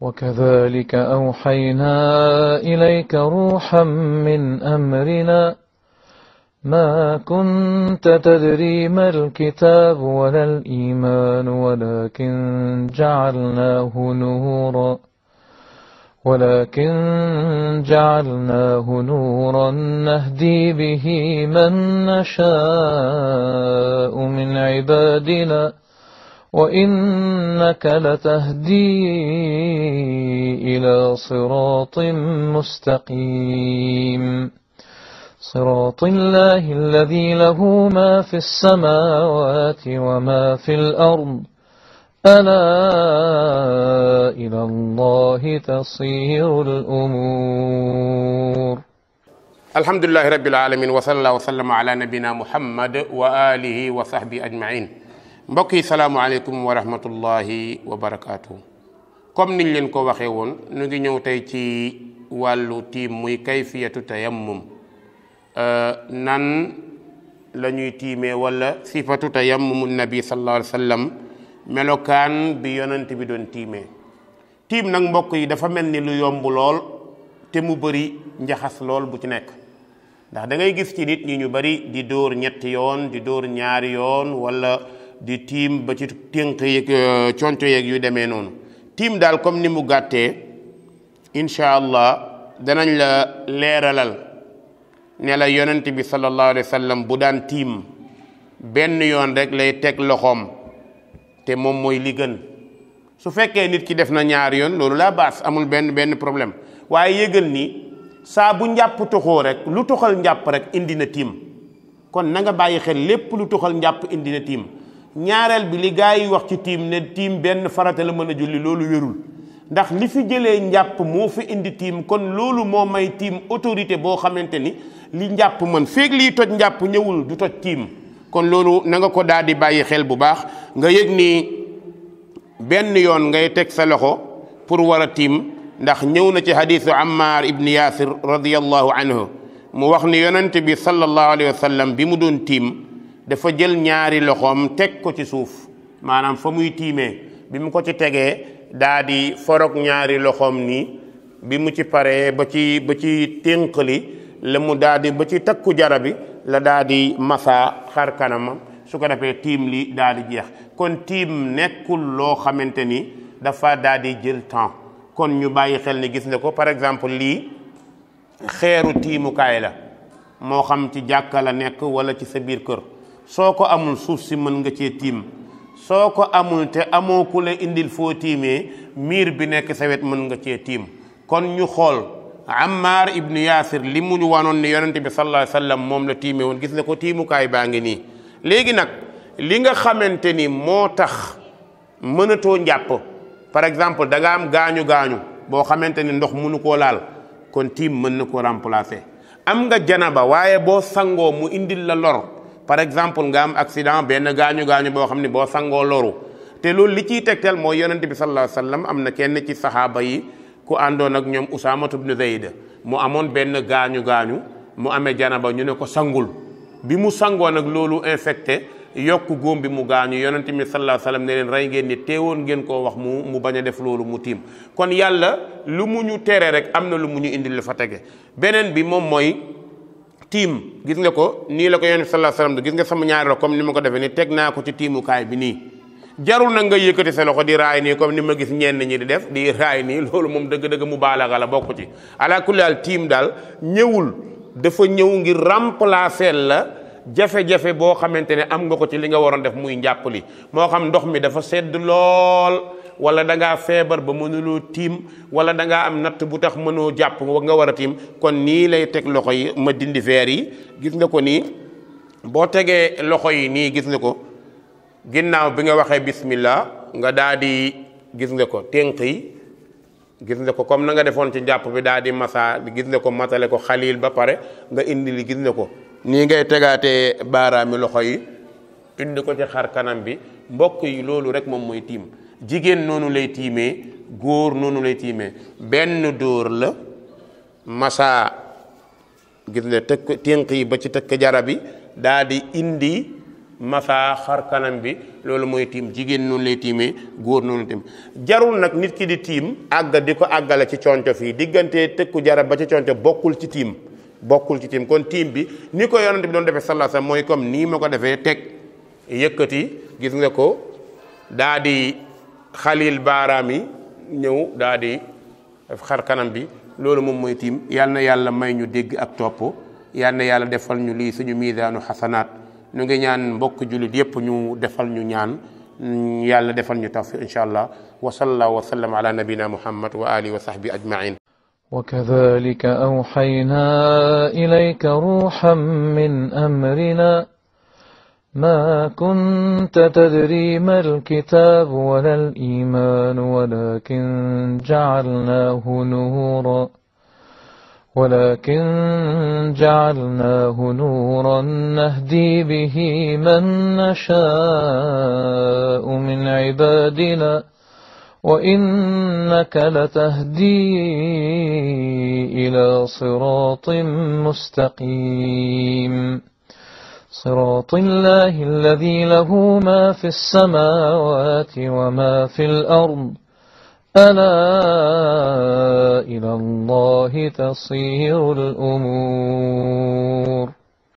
وكذلك أوحينا إليك روحا من أمرنا ما كنت تدري ما الكتاب ولا الإيمان ولكن جعلناه نورا ولكن جعلناه نورا نهدي به من نشاء من عبادنا وإنك لتهدي إلى صراط مستقيم صراط الله الذي له ما في السماوات وما في الأرض ألا إلى الله تصير الأمور الحمد لله رب العالمين وصلى وسلم على نبينا محمد وآله وصحبه أجمعين mbokk yi salaamualeykum wa rahmatullahi wa barakaatu. comme niñ leen ko waxee woon nu ngi ñëw tey ci wàllu tiim muy kayfiyatu tayammum euh, nan la ñuy tiimee wala sifatu tayammumu nabi sallallahu alayhi wa melokaan bi yonent bi doon tiime tiim nag mbokk yi dafa mel ni lu yomb lool te mu bari njaxas lool bu ci nekk ndax dangay gis ci nit ñi ñu bari di dóor ñetti yoon di dóor ñaari yoon wala di tiim ba ci tënk yeeg euh, conco yeeg yu demee noonu tiim daal comme ni mu gàttee incha allah danañ la leeralal ne la yonent bi sallallahu alayhi wa bu daan tiim benn yoon rek lay teg loxoom te moom mooy li gën su fekkee nit ki def na ñaar yoon loolu laa baas amul benn benn problème waaye yëgal ni saa bu njàpp toxoo rek lu toxal njàpp rek indi na tiim kon nanga bàyyi xel lépp lu toxal njàpp indi na tiim ñaareel bi li gaa yi wax ci tiim ne tiim benn farata la mën a julli loolu wérul ndax li fi jëlee njàpp moo fi indi tiim kon loolu moo may tiim autorité boo xamante ni li njàpp mën feeg lii toj njàpp ñëwul du toj tiim kon loolu na nga ko daal di bàyyi xel bu baax nga yëg nii benn yoon ngay teg sa loxo pour war a tiim ndax ñëw na ci hadisu Ammar ibn Yasir radiyallahu anhu mu wax ni yonent bi sallallahu alayhi wa bi mu doon tiim dafa jël ñaari loxoom teg ko ci suuf maanaam fa muy tiimee bi mu ko ci tegee daa di forog ñaari loxoom nii bi mu ci paree ba ci ba ci li la mu daa di ba ci takku jara bi la daa di masa xar kanamam su ko defee tiim li daa di jeex kon tiim nekkul loo xamante ni dafa daa di jël temps kon ñu bàyyi xel ne gis ne ko par exemple lii xeeru tiimukaay la moo xam ci jàkka la nekk wala ci sa biir kër soo ko amul suuf si mën nga cee tiim soo ko amul te amoo ku la indil foo tiimee miir bi nekk sa wet mën nga cee tiim kon ñu xool Ammar ibn Yaasir li mu ñu wanoon ne yonent bi sallallahu alayhi sallam moom la tiimee woon gis nga ko tiimukaay baa ngi nii léegi nag li nga xamante ni moo tax mënatoo njàpp par exemple da nga am gaañu gaañu boo xamante ni ndox mënu koo laal kon tiim mën na koo remplacer am nga janaba waaye boo sangoo mu indil la lor par exemple nga am accident benn gaañu gaañu boo xam ne boo sangoo loru te loolu li ciy tegtal mooy yonent bi sallallahu alayhi wa sallam am na kenn ci saxaaba yi ku àndoon ak ñoom Usaamatu bnu Zayd mu amoon benn gaañu gaañu mu amee janaba ñu ne ko sangul bi mu sangoo nag loolu infecté yokk góom bi mu gaañu yonent bi sallallahu alayhi wa sallam ne leen rey ngeen ni teewoon ngeen koo wax mu mu bañ a def loolu mu tiim kon yàlla lu mu ñu tere rek am na lu mu ñu indil la fa tege beneen bi moom mooy. tiim gis nga ko nii la ko yonent bi sallallahu alayhi wasallam gis nga sama ñaari loxo comme ni ma ko defee nii teg naa ko ci tiimukaay bi nii jarul nag nga yëkkati sa loxo di raay nii comme ni ma gis ñenn ñi di def di raay nii loolu moom dëgg-dëgg mu baalaga la bokk ci ala kulli tiim daal ñëwul dafa ñëw ngir remplacer la jafe-jafe boo xamante ne am nga ko ci li nga waroon def muy njàpp li moo xam ndox mi dafa sedd lool wala da feebar ba mënuloo tiim wala dangaa am natt bu tax mënoo jàpp nga war a tiim kon nii lay teg loxo yi ma dindi feer yi gis nga ko nii boo tegee loxo yi nii gis nga ko ginnaaw bi nga waxee bismillah nga daa di gis nga ko tënk yi gis nga ko comme na nga defoon ci jàpp bi daa di masa gis nga ko matale ko xaliil ba pare nga indi li gis ko nii ngay tegaatee baaraami loxo yi indi ko ci xar kanam bi mbokk yi loolu rek moom mooy tiim jigéen noonu lay tiime góor noonu lay tiime benn dóor la masaa gis nga tëkk ténk yi ba ci tëkk jara bi daal di indi masaa xar kanam bi loolu mooy tiim jigéen noonu lay tiime góor noonu lay tiim jarul nag nit ki di tiim àgg di ko àggale ci conco fii diggante tëkku jara ba ci conco bokkul ci tiim bokkul ci tiim kon tiim bi ni ko yonante bi doon defee sallasa mooy comme nii ma ko defee teg yëkkati gis nga ko daa xalil baaraam yi ñëw daa di xar kanam bi loolu moom mooy tiim yal na yàlla may ñu dégg ak topp yal na yàlla defal ñu lii suñu miisaanu xasanaat ñu ngi ñaan mbokk jullit yépp ñu defal ñu ñaan yàlla defal ñu tawfiq incha allah wa sallallahu wa sallam ala nabina muhammad wa alihi wa sahbi ajmain وكذلك أوحينا إليك روحا من أمرنا ما كنت تدري ما الكتاب ولا الإيمان ولكن جعلناه نورا ولكن جعلناه نورا نهدي به من نشاء من عبادنا وإنك لتهدي إلى صراط مستقيم صراط الله الذي له ما في السماوات وما في الأرض ألا إلى الله تصير الأمور